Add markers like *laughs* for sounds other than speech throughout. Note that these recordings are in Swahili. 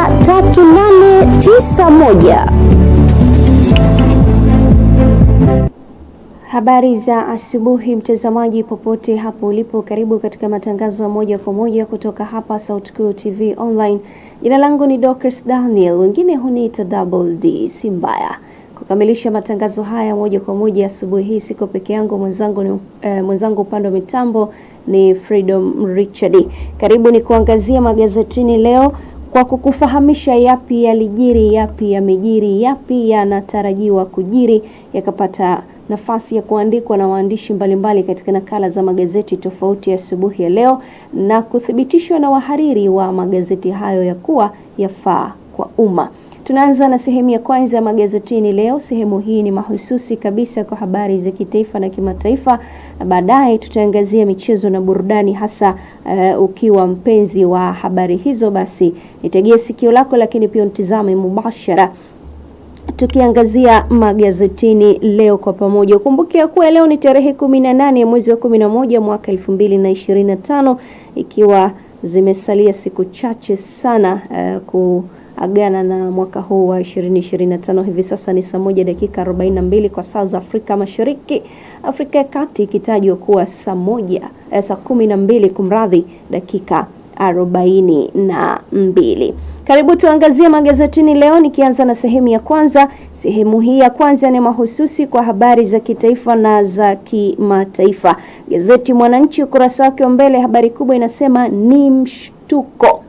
3891. Habari za asubuhi mtazamaji, popote hapo ulipo, karibu katika matangazo ya moja kwa moja kutoka hapa Sauti TV Online. Jina langu ni Dorcas Daniel, wengine huniita Double D, si mbaya kukamilisha matangazo haya moja kwa moja asubuhi hii. Siko peke yangu, mwenzangu ni eh, mwenzangu upande wa mitambo ni Freedom Richard. Karibu ni kuangazia magazetini leo kwa kukufahamisha yapi yalijiri, yapi yamejiri, yapi yanatarajiwa kujiri, yakapata nafasi ya kuandikwa na waandishi mbalimbali katika nakala za magazeti tofauti asubuhi ya, ya leo na kuthibitishwa na wahariri wa magazeti hayo ya kuwa yafaa kwa umma. Tunaanza na sehemu ya kwanza ya magazetini leo. Sehemu hii ni mahususi kabisa kwa habari za kitaifa na kimataifa. Baadaye tutaangazia michezo na burudani, hasa uh, ukiwa mpenzi wa habari hizo, basi nitegee sikio lako, lakini pia untizame mubashara tukiangazia magazetini leo kwa pamoja. Kumbukia kuwa leo ni tarehe 18 ya mwezi wa 11 mwaka 2025, ikiwa zimesalia siku chache sana uh, ku Ghana na mwaka huu wa 2025. Hivi sasa ni saa moja dakika 42 kwa saa za Afrika Mashariki, Afrika ya Kati ikitajwa kuwa saa moja eh, saa 12 kumradhi, dakika 42. Karibu tuangazie magazetini leo, nikianza na sehemu ya kwanza. Sehemu hii ya kwanza ni mahususi kwa habari za kitaifa na za kimataifa. Gazeti Mwananchi ukurasa wake wa mbele, habari kubwa inasema ni mshtuko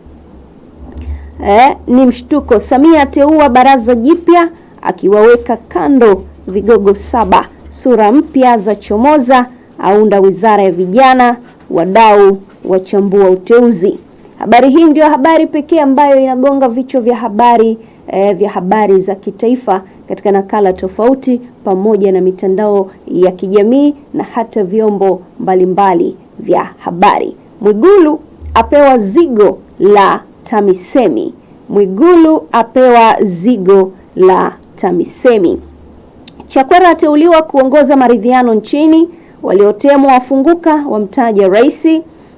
eh, ni mshtuko. Samia ateua baraza jipya akiwaweka kando vigogo saba. Sura mpya za chomoza, aunda wizara ya vijana, wadau wachambua uteuzi. Habari hii ndio habari pekee ambayo inagonga vichwa vya habari eh, vya habari za kitaifa katika nakala tofauti pamoja na mitandao ya kijamii na hata vyombo mbalimbali mbali vya habari. Mwigulu apewa zigo la TAMISEMI. Mwigulu apewa zigo la TAMISEMI. Chakwera ateuliwa kuongoza maridhiano nchini, waliotemwa wafunguka, wamtaja rais.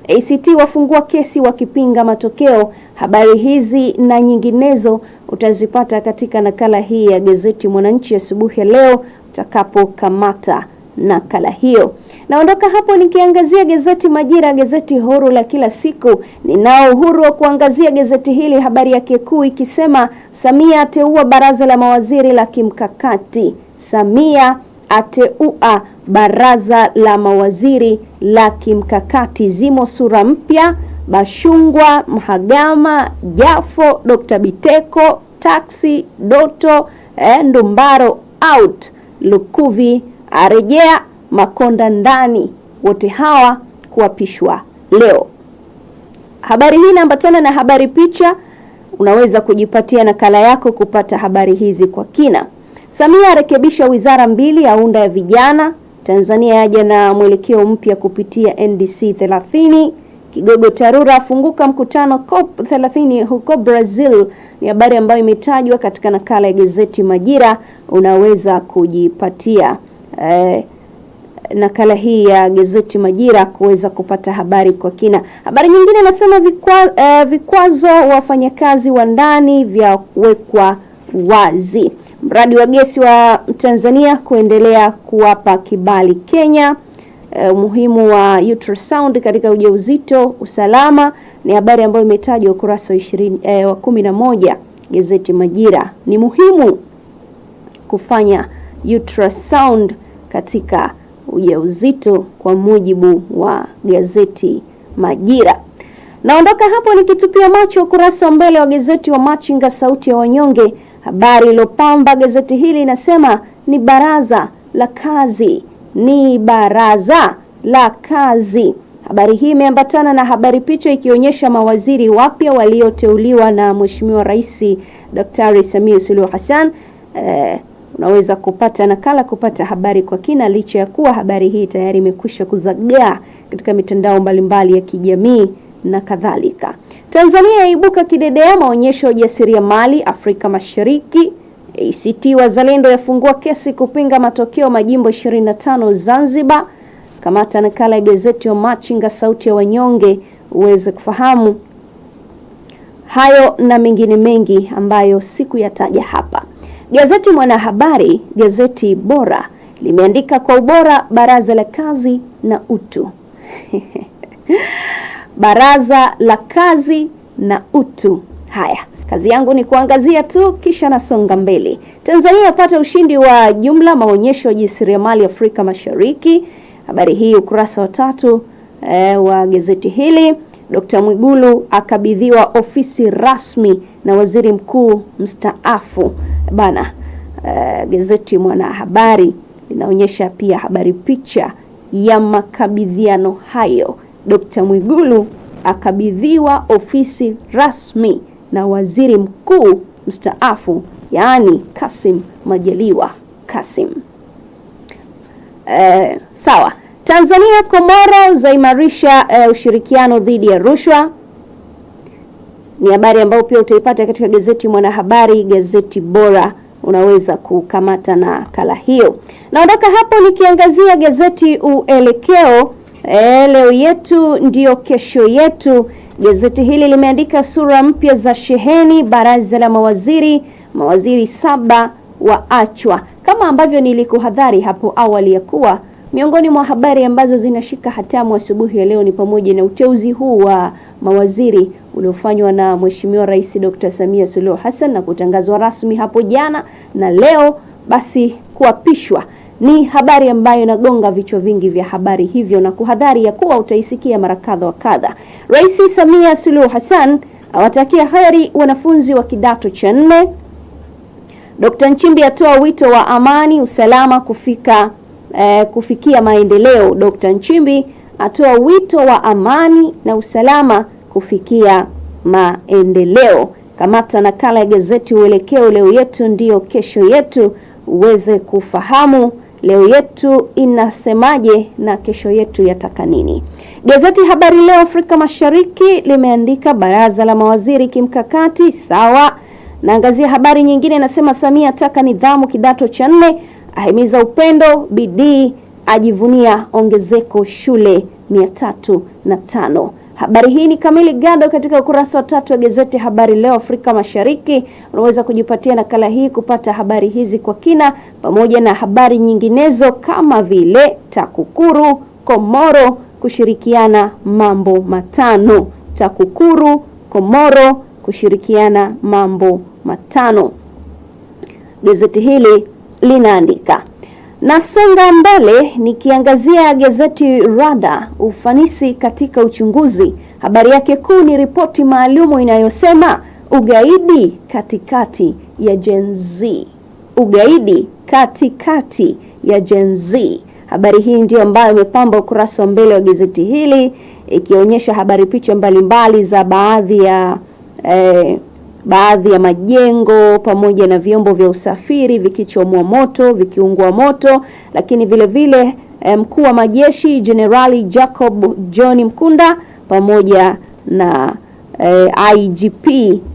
ACT wafungua kesi wakipinga matokeo. Habari hizi na nyinginezo utazipata katika nakala hii ya gazeti Mwananchi asubuhi ya leo utakapokamata nakala hiyo. Naondoka hapo nikiangazia gazeti Majira, gazeti huru la kila siku. Ninao uhuru wa kuangazia gazeti hili, habari yake kuu ikisema Samia ateua baraza la mawaziri la kimkakati. Samia ateua baraza la mawaziri la kimkakati, zimo sura mpya Bashungwa, Mhagama, Jafo, Dr. Biteko, Taxi, Doto, eh, Ndumbaro out Lukuvi arejea Makonda ndani, wote hawa kuapishwa leo. Habari hii inaambatana na habari picha. Unaweza kujipatia nakala yako kupata habari hizi kwa kina. Samia arekebisha wizara mbili, aunda ya vijana. Tanzania yaja na mwelekeo mpya kupitia NDC 30. Kigogo Tarura afunguka mkutano COP 30 huko Brazil. Ni habari ambayo imetajwa katika nakala ya gazeti Majira, unaweza kujipatia eh, nakala hii ya gazeti Majira kuweza kupata habari kwa kina. Habari nyingine inasema vikwa, eh, vikwazo wafanyakazi wa ndani vya wekwa wazi. Mradi wa gesi wa Tanzania kuendelea kuwapa kibali Kenya. Eh, umuhimu wa ultrasound katika ujauzito, usalama ni habari ambayo imetajwa ukurasa wa 20 eh, wa 11 gazeti Majira. Ni muhimu kufanya ultrasound katika ujauzito kwa mujibu wa gazeti Majira. Naondoka hapo nikitupia macho ukurasa wa mbele wa gazeti wa Machinga sauti ya wanyonge. Habari iliyopamba gazeti hili inasema ni baraza la kazi, ni baraza la kazi. Habari hii imeambatana na habari picha ikionyesha mawaziri wapya walioteuliwa na Mheshimiwa Rais Daktari Samia Suluhu Hassan eh, unaweza kupata nakala, kupata habari kwa kina, licha ya kuwa habari hii tayari imekwisha kuzagaa katika mitandao mbalimbali ya kijamii na kadhalika. Tanzania yaibuka kidedea maonyesho ya ujasiriamali Afrika Mashariki. ACT Wazalendo yafungua kesi kupinga matokeo majimbo 25 Zanzibar. Kamata nakala ya gazeti ya Machinga, sauti ya wanyonge, uweze kufahamu hayo na mengine mengi ambayo sikuyataja hapa. Gazeti Mwanahabari, gazeti bora, limeandika kwa ubora baraza la kazi na utu *laughs* baraza la kazi na utu. Haya, kazi yangu ni kuangazia tu, kisha nasonga mbele. Tanzania yapata ushindi wa jumla maonyesho ya jasiriamali Afrika Mashariki. Habari hii ukurasa wa tatu eh, wa gazeti hili. Dr. Mwigulu akabidhiwa ofisi rasmi na waziri mkuu mstaafu bana. Uh, gazeti Mwanahabari linaonyesha pia habari, picha ya makabidhiano hayo. Dkt. Mwigulu akabidhiwa ofisi rasmi na waziri mkuu mstaafu yaani Kasim Majaliwa Kasim. Uh, sawa. Tanzania Komoro zaimarisha uh, ushirikiano dhidi ya rushwa. Ni habari ambayo pia utaipata katika gazeti Mwanahabari, gazeti bora, unaweza kukamata na kala hiyo. Naondoka hapo nikiangazia gazeti Uelekeo, e, leo yetu ndiyo kesho yetu. Gazeti hili limeandika sura mpya za sheheni baraza la mawaziri, mawaziri saba waachwa, kama ambavyo nilikuhadhari hapo awali ya kuwa Miongoni mwa habari ambazo zinashika hatamu asubuhi ya leo ni pamoja na uteuzi huu wa mawaziri uliofanywa na Mheshimiwa Rais Dr. Samia Suluhu Hassan na kutangazwa rasmi hapo jana na leo basi kuapishwa ni habari ambayo inagonga vichwa vingi vya habari, hivyo na kuhadhari ya kuwa utaisikia mara kadha wa kadha. Rais Samia Suluhu Hassan awatakia heri wanafunzi wa kidato cha nne. Dr. Nchimbi atoa wito wa amani, usalama kufika eh, kufikia maendeleo. Dr. Nchimbi atoa wito wa amani na usalama kufikia maendeleo. Kamata nakala ya gazeti Uelekeo, leo yetu ndiyo kesho yetu, uweze kufahamu leo yetu inasemaje na kesho yetu yataka nini. Gazeti Habari Leo Afrika Mashariki limeandika baraza la mawaziri kimkakati sawa. Naangazia habari nyingine, inasema Samia ataka nidhamu kidato cha nne ahimiza upendo, bidii, ajivunia ongezeko shule mia tatu na tano. Habari hii ni kamili gado katika ukurasa wa tatu wa gazeti Habari Leo Afrika Mashariki. Unaweza kujipatia nakala hii kupata habari hizi kwa kina, pamoja na habari nyinginezo kama vile TAKUKURU Komoro kushirikiana mambo matano. TAKUKURU Komoro kushirikiana mambo matano. Gazeti hili linaandika nasonga mbele nikiangazia gazeti Rada, ufanisi katika uchunguzi. Habari yake kuu ni ripoti maalumu inayosema ugaidi katikati ya Gen Z, ugaidi katikati ya Gen Z. Habari hii ndiyo ambayo imepamba ukurasa wa mbele wa gazeti hili ikionyesha habari, picha mbalimbali za baadhi ya eh, baadhi ya majengo pamoja na vyombo vya usafiri vikichomwa moto, vikiungua moto, lakini vile vile eh, mkuu wa majeshi Jenerali Jacob John Mkunda pamoja na eh, IGP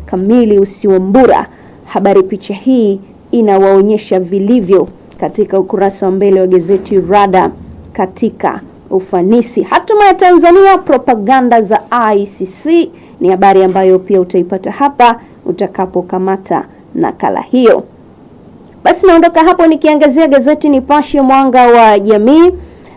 kamili usiwambura Habari picha hii inawaonyesha vilivyo katika ukurasa wa mbele wa gazeti Rada katika ufanisi. Hatuma ya Tanzania propaganda za ICC ni habari ambayo pia utaipata hapa utakapokamata nakala hiyo. Basi naondoka hapo nikiangazia gazeti Nipashe Mwanga wa Jamii.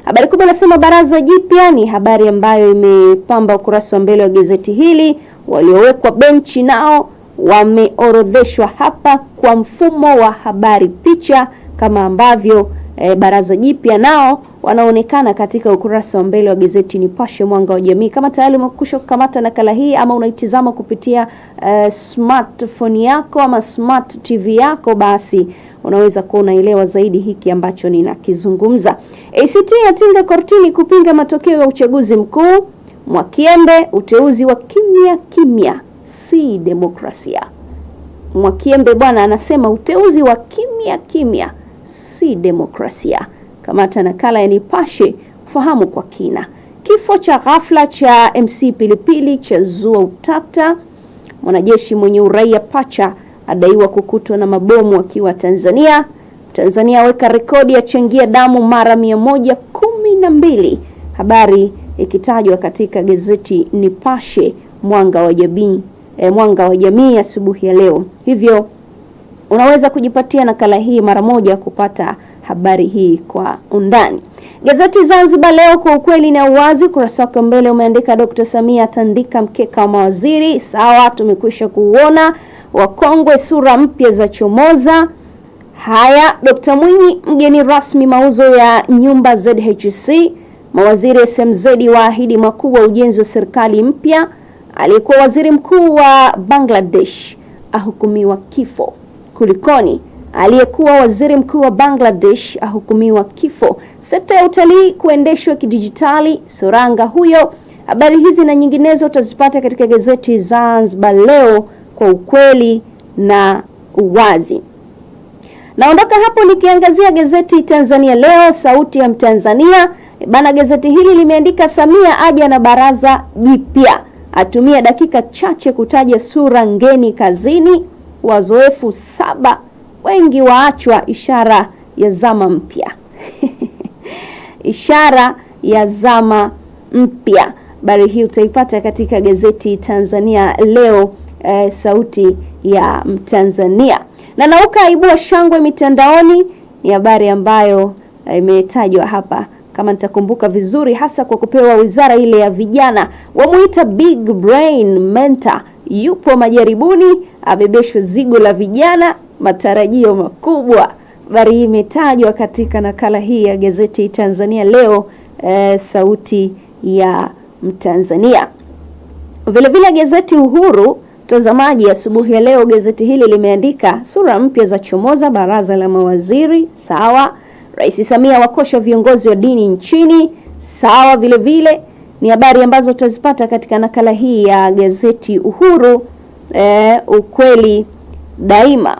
Habari kubwa nasema baraza jipya ni habari ambayo imepamba ukurasa wa mbele wa gazeti hili. Waliowekwa benchi nao wameorodheshwa hapa kwa mfumo wa habari picha, kama ambavyo e, baraza jipya nao wanaonekana katika ukurasa wa mbele wa gazeti Nipashe Mwanga wa Jamii. Kama tayari umekwisha kukamata nakala hii ama unaitizama kupitia uh, smartphone yako ama smart TV yako, basi unaweza kuwa unaelewa zaidi hiki ambacho ninakizungumza. ACT yatinga kortini kupinga matokeo ya uchaguzi mkuu. Mwakiembe, uteuzi wa kimya kimya si demokrasia. Mwakiembe bwana anasema uteuzi wa kimya kimya si demokrasia. Kamata nakala ya Nipashe kufahamu kwa kina. Kifo cha ghafla cha MC Pilipili cha zua utata. Mwanajeshi mwenye uraia pacha adaiwa kukutwa na mabomu akiwa Tanzania. Tanzania aweka rekodi ya changia damu mara mbili Habari ikitajwa katika gazeti Nipashe Mwanga wa Jamii, e, Mwanga wa Jamii asubuhi ya leo. Hivyo unaweza kujipatia nakala hii mara moja kupata habari hii kwa undani. Gazeti Zanzibar Leo kwa ukweli na uwazi, ukurasa wake mbele umeandika Dr. Samia atandika mkeka wa mawaziri. Sawa, tumekwisha kuuona. Wakongwe sura mpya za chomoza. Haya, Dr. Mwinyi mgeni rasmi mauzo ya nyumba ZHC. Mawaziri SMZ waahidi makubwa ujenzi wa serikali mpya. Aliyekuwa waziri mkuu wa Bangladesh ahukumiwa kifo. Kulikoni? Aliyekuwa waziri mkuu wa Bangladesh ahukumiwa kifo. Sekta ya utalii kuendeshwa kidijitali, soranga huyo. Habari hizi na nyinginezo utazipata katika gazeti Zanzibar Leo kwa ukweli na uwazi. Naondoka hapo nikiangazia gazeti Tanzania Leo, sauti ya Mtanzania. E bana, gazeti hili limeandika Samia aja na baraza jipya, atumia dakika chache kutaja sura ngeni kazini, wazoefu saba wengi waachwa ishara ya zama mpya *laughs* ishara ya zama mpya. Habari hii utaipata katika gazeti Tanzania Leo, e, sauti ya Mtanzania. Na Nauka aibua shangwe mitandaoni ni habari ambayo eh, imetajwa e, hapa kama nitakumbuka vizuri, hasa kwa kupewa wizara ile ya vijana. Wamuita big brain mentor, yupo majaribuni, abebeshwe zigo la vijana matarajio makubwa. Habari hii imetajwa katika nakala hii ya gazeti Tanzania Leo, e, sauti ya Mtanzania. Vilevile gazeti Uhuru mtazamaji, asubuhi ya, ya leo gazeti hili limeandika sura mpya za chomoza baraza la mawaziri, sawa. Rais Samia wakosha viongozi wa dini nchini, sawa. Vilevile ni habari ambazo utazipata katika nakala hii ya gazeti Uhuru, e, ukweli daima.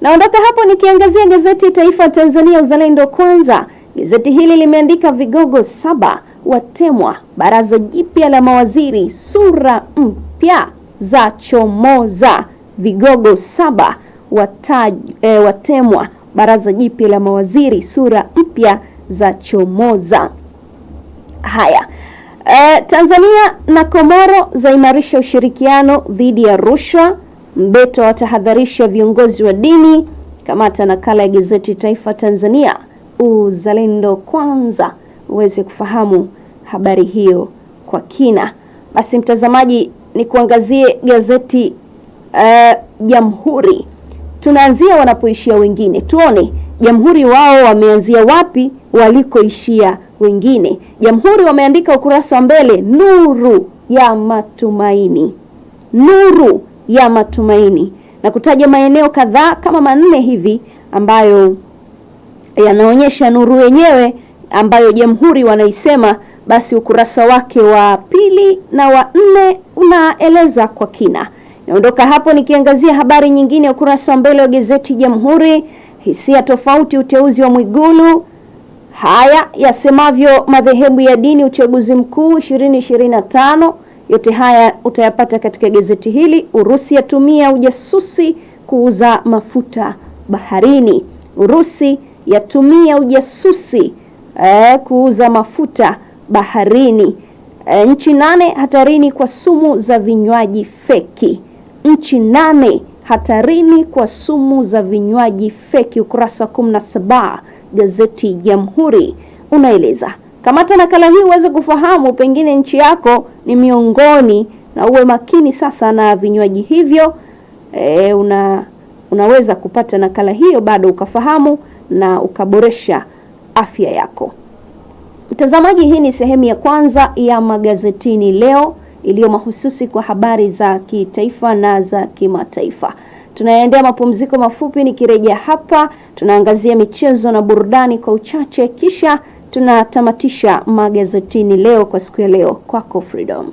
Naondoka hapo nikiangazia gazeti Taifa Tanzania Uzalendo Kwanza. Gazeti hili limeandika vigogo saba watemwa, baraza jipya la mawaziri, sura mpya za chomoza. Vigogo saba wataj, e, eh, watemwa, baraza jipya la mawaziri, sura mpya za chomoza. Haya, e, Tanzania na Komoro zaimarisha ushirikiano dhidi ya rushwa. Mbeto atahadharisha viongozi wa dini. Kamata nakala ya gazeti Taifa Tanzania Uzalendo Kwanza uweze kufahamu habari hiyo kwa kina. Basi mtazamaji, ni kuangazie gazeti eh, Jamhuri. Uh, tunaanzia wanapoishia wengine, tuone Jamhuri wao wameanzia wapi, walikoishia wengine. Jamhuri wameandika ukurasa wa mbele, nuru ya matumaini, nuru ya matumaini na kutaja maeneo kadhaa kama manne hivi ambayo yanaonyesha nuru yenyewe ambayo Jamhuri wanaisema. Basi ukurasa wake wa pili na wa nne unaeleza kwa kina. Naondoka hapo nikiangazia habari nyingine ya ukurasa wa mbele wa gazeti Jamhuri, hisia tofauti, uteuzi wa Mwigulu, haya yasemavyo madhehebu ya dini, uchaguzi mkuu 2025 yote haya utayapata katika gazeti hili. Urusi yatumia ujasusi kuuza mafuta baharini. Urusi yatumia ujasusi eh, kuuza mafuta baharini. Eh, nchi nane hatarini kwa sumu za vinywaji feki. Nchi nane hatarini kwa sumu za vinywaji feki, ukurasa 17 gazeti Jamhuri unaeleza Kamata nakala hii uweze kufahamu pengine nchi yako ni miongoni, na uwe makini sasa na vinywaji hivyo. E, una, unaweza kupata nakala hiyo bado ukafahamu na ukaboresha afya yako. Mtazamaji, hii ni sehemu ya kwanza ya magazetini leo iliyo mahususi kwa habari za kitaifa na za kimataifa. Tunaendea mapumziko mafupi, nikirejea hapa tunaangazia michezo na burudani kwa uchache kisha tunatamatisha magazetini leo kwa siku ya leo. Kwako Freedom.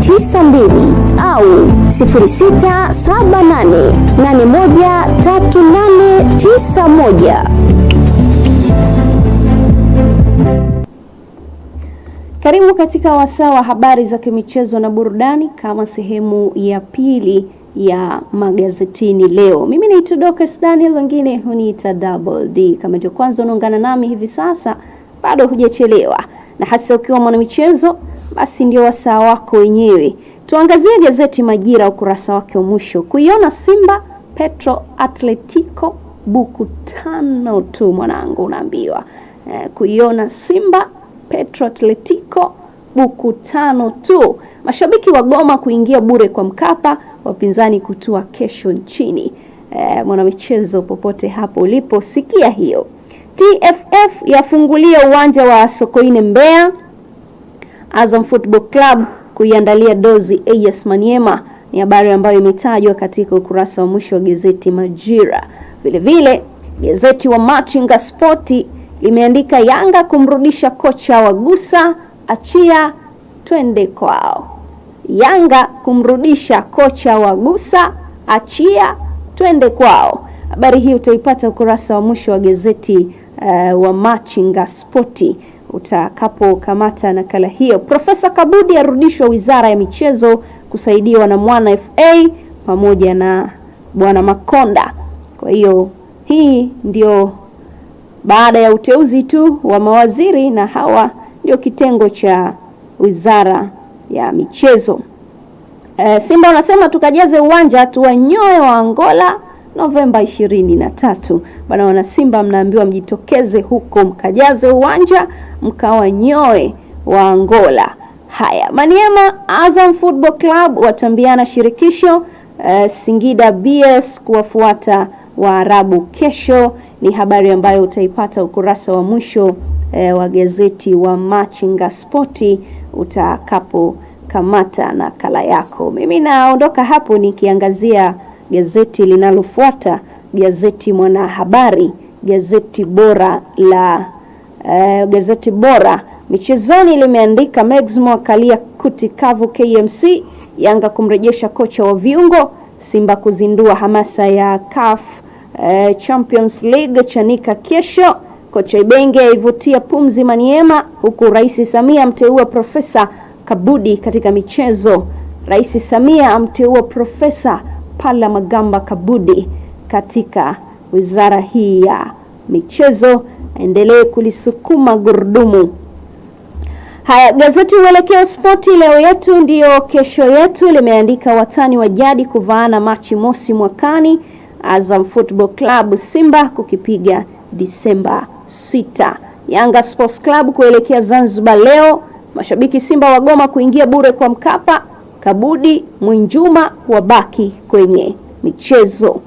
92 au 0678813891. Karibu katika wasaa wa habari za kimichezo na burudani kama sehemu ya pili ya magazetini leo. Mimi naitwa Dorcas Daniel, wengine huniita Double D. Kama ndio kwanza unaungana nami hivi sasa, bado hujachelewa, na hasa ukiwa mwanamichezo basi ndio wasaa wako wenyewe. Tuangazie gazeti Majira ukurasa wake wa mwisho kuiona Simba Petro Atletico buku tano tu mwanangu, unaambiwa eh, kuiona Simba Petro Atletico buku tano tu. Mashabiki wa Goma kuingia bure kwa Mkapa, wapinzani kutua kesho nchini. Eh, mwanamichezo popote hapo ulipo, sikia hiyo. TFF yafungulia uwanja wa Sokoine Mbeya. Azam Football Club kuiandalia dozi AS Maniema ni habari ambayo imetajwa katika ukurasa wa mwisho wa gazeti Majira. Vilevile gazeti wa Machinga Spoti limeandika Yanga kumrudisha kocha wa Gusa, achia twende kwao. Yanga kumrudisha kocha wa Gusa, achia twende kwao. Habari hii utaipata ukurasa wa mwisho wa gazeti uh, wa Machinga Spoti utakapokamata nakala hiyo. Profesa Kabudi arudishwa Wizara ya Michezo kusaidiwa na Mwana FA pamoja na Bwana Makonda. Kwa hiyo hii ndio baada ya uteuzi tu wa mawaziri, na hawa ndio kitengo cha Wizara ya Michezo. E, Simba wanasema tukajaze uwanja tuwanyoe wa Angola Novemba 23. Bana wana Simba, mnaambiwa mjitokeze huko mkajaze uwanja mkawanyoe wa Angola. Haya, Maniema Azam Football Club watambiana shirikisho. Uh, Singida BS kuwafuata Waarabu kesho, ni habari ambayo utaipata ukurasa wa mwisho eh, wa gazeti wa Machinga Spoti utakapokamata nakala yako. Mimi naondoka hapo nikiangazia gazeti linalofuata, gazeti Mwanahabari, gazeti bora la uh, gazeti bora michezoni limeandika Maximo akalia kuti kavu KMC, Yanga kumrejesha kocha wa viungo, Simba kuzindua hamasa ya CAF uh, Champions League chanika kesho, kocha Ibenge aivutia pumzi Maniema, huku Rais Samia amteua Profesa Kabudi katika michezo. Rais Samia amteua Profesa Pala Magamba Kabudi katika wizara hii ya michezo, aendelee kulisukuma gurudumu. Haya, gazeti Uelekeo Spoti, leo yetu ndiyo kesho yetu, limeandika watani wa jadi kuvaana Machi mosi mwakani, Azam Football Club Simba kukipiga Disemba 6, Yanga Sports Club kuelekea Zanzibar leo, mashabiki Simba wagoma kuingia bure kwa Mkapa, Kabudi Mwinjuma wabaki kwenye michezo.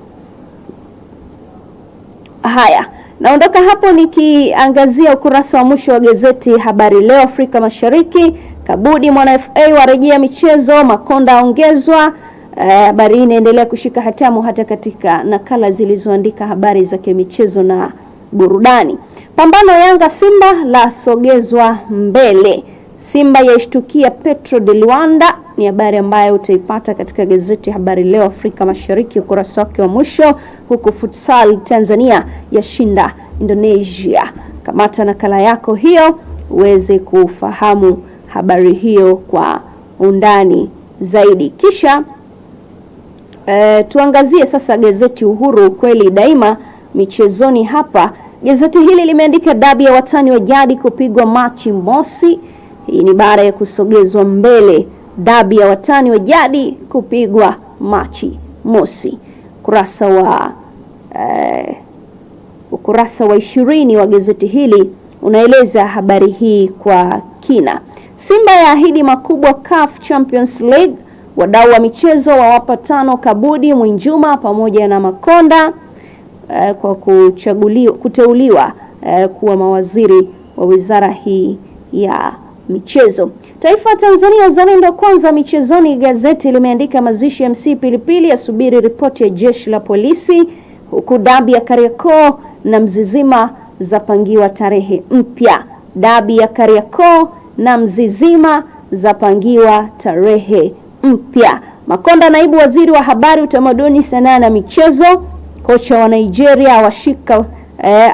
Haya, naondoka hapo nikiangazia ukurasa wa mwisho wa gazeti Habari Leo Afrika Mashariki. Kabudi mwana FA warejea michezo, Makonda aongezwa. Eh, habari hii inaendelea kushika hatamu hata katika nakala zilizoandika habari za kimichezo na burudani. Pambano Yanga Simba lasogezwa mbele. Simba yaishtukia Petro de Luanda ni habari ambayo utaipata katika gazeti ya Habari Leo Afrika Mashariki ukurasa wake wa mwisho, huku futsal Tanzania yashinda Indonesia. Kamata nakala yako hiyo uweze kufahamu habari hiyo kwa undani zaidi, kisha e, tuangazie sasa gazeti Uhuru kweli daima michezoni. Hapa gazeti hili limeandika dabi ya watani wa jadi kupigwa Machi mosi hii ni baada ya kusogezwa mbele dabi ya watani wa jadi kupigwa Machi mosi. Kurasa wa eh, ukurasa wa ishirini wa gazeti hili unaeleza habari hii kwa kina. Simba yaahidi makubwa CAF Champions League. Wadau wa michezo wawapa tano Kabudi, Mwinjuma pamoja na Makonda eh, kwa kuchaguliwa, kuteuliwa eh, kuwa mawaziri wa wizara hii ya michezo. Taifa Tanzania, uzalendo kwanza michezoni, gazeti limeandika mazishi ya MC Pilipili yasubiri ripoti ya jeshi la polisi, huku dabi ya Kariakoo na Mzizima zapangiwa tarehe mpya. Dabi ya Kariakoo na Mzizima zapangiwa tarehe mpya. Makonda, naibu waziri wa habari, utamaduni, sanaa na michezo. Kocha wa Nigeria awashika eh,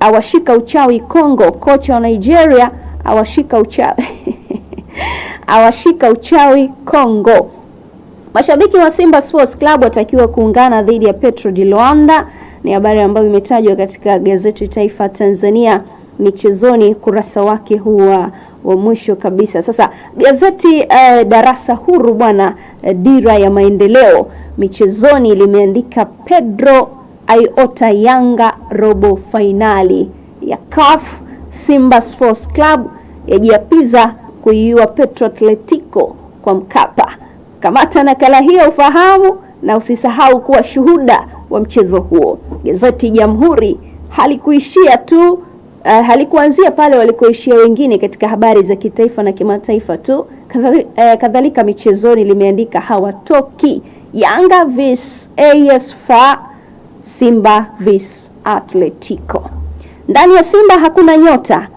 awashika uchawi Kongo. Kocha wa Nigeria awashika uchawi *laughs* awashika uchawi Kongo. Mashabiki wa Simba Sports Club watakiwa kuungana dhidi ya Petro di Luanda, ni habari ambayo imetajwa katika gazeti Taifa Tanzania michezoni kurasa wake huwa wa mwisho kabisa. Sasa gazeti eh, Darasa Huru bwana eh, Dira ya Maendeleo michezoni limeandika Pedro aiota Yanga robo fainali ya CAF Simba Sports Club yajiapiza kuiua Petro Atletico kwa Mkapa. Kamata nakala hiyo ufahamu na usisahau kuwa shuhuda wa mchezo huo. Gazeti Jamhuri halikuishia tu uh, halikuanzia pale walikoishia wengine katika habari za kitaifa na kimataifa tu. Eh, kadhalika uh, michezoni limeandika hawatoki Yanga vs AS FAR, Simba vs Atletico. Ndani ya Simba hakuna nyota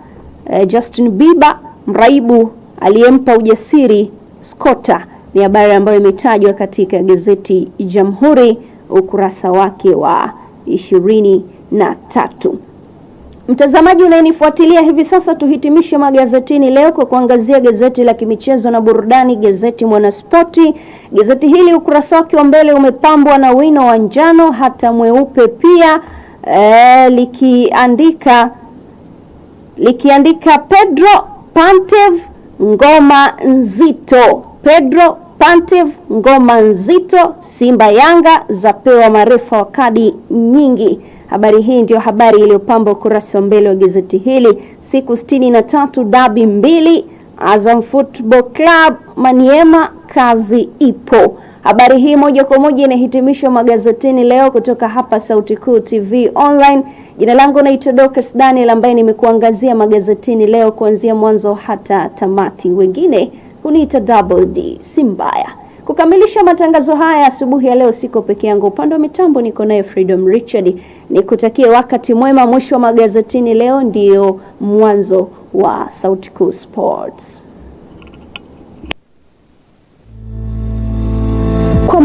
e, Justin Bieber mraibu aliyempa ujasiri skota ni habari ambayo imetajwa katika gazeti Jamhuri ukurasa wake wa ishirini na tatu. Mtazamaji unayenifuatilia hivi sasa, tuhitimishe magazetini leo kwa kuangazia gazeti la kimichezo na burudani, gazeti Mwanaspoti. Gazeti hili ukurasa wake wa mbele umepambwa na wino wa njano hata mweupe pia e, likiandika likiandika Pedro Pantev ngoma nzito, Pedro Pantev ngoma nzito, Simba Yanga zapewa marefa wa kadi nyingi. Habari hii ndio habari iliyopamba ukurasa wa mbele wa gazeti hili. Siku 63 dabi mbili, Azam Football Club Maniema, kazi ipo. Habari hii moja kwa moja inahitimishwa magazetini leo kutoka hapa Sauti Kuu TV Online. Jina langu naitwa Dorcas Daniel ambaye nimekuangazia magazetini leo kuanzia mwanzo hata tamati, wengine huniita Double D, si mbaya. Kukamilisha matangazo haya asubuhi ya leo, siko peke yangu. Upande wa mitambo niko naye Freedom Richard. Nikutakie wakati mwema. Mwisho wa magazetini leo ndio mwanzo wa Sauti Kuu Sports.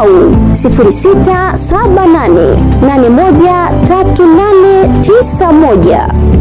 au 0678813891.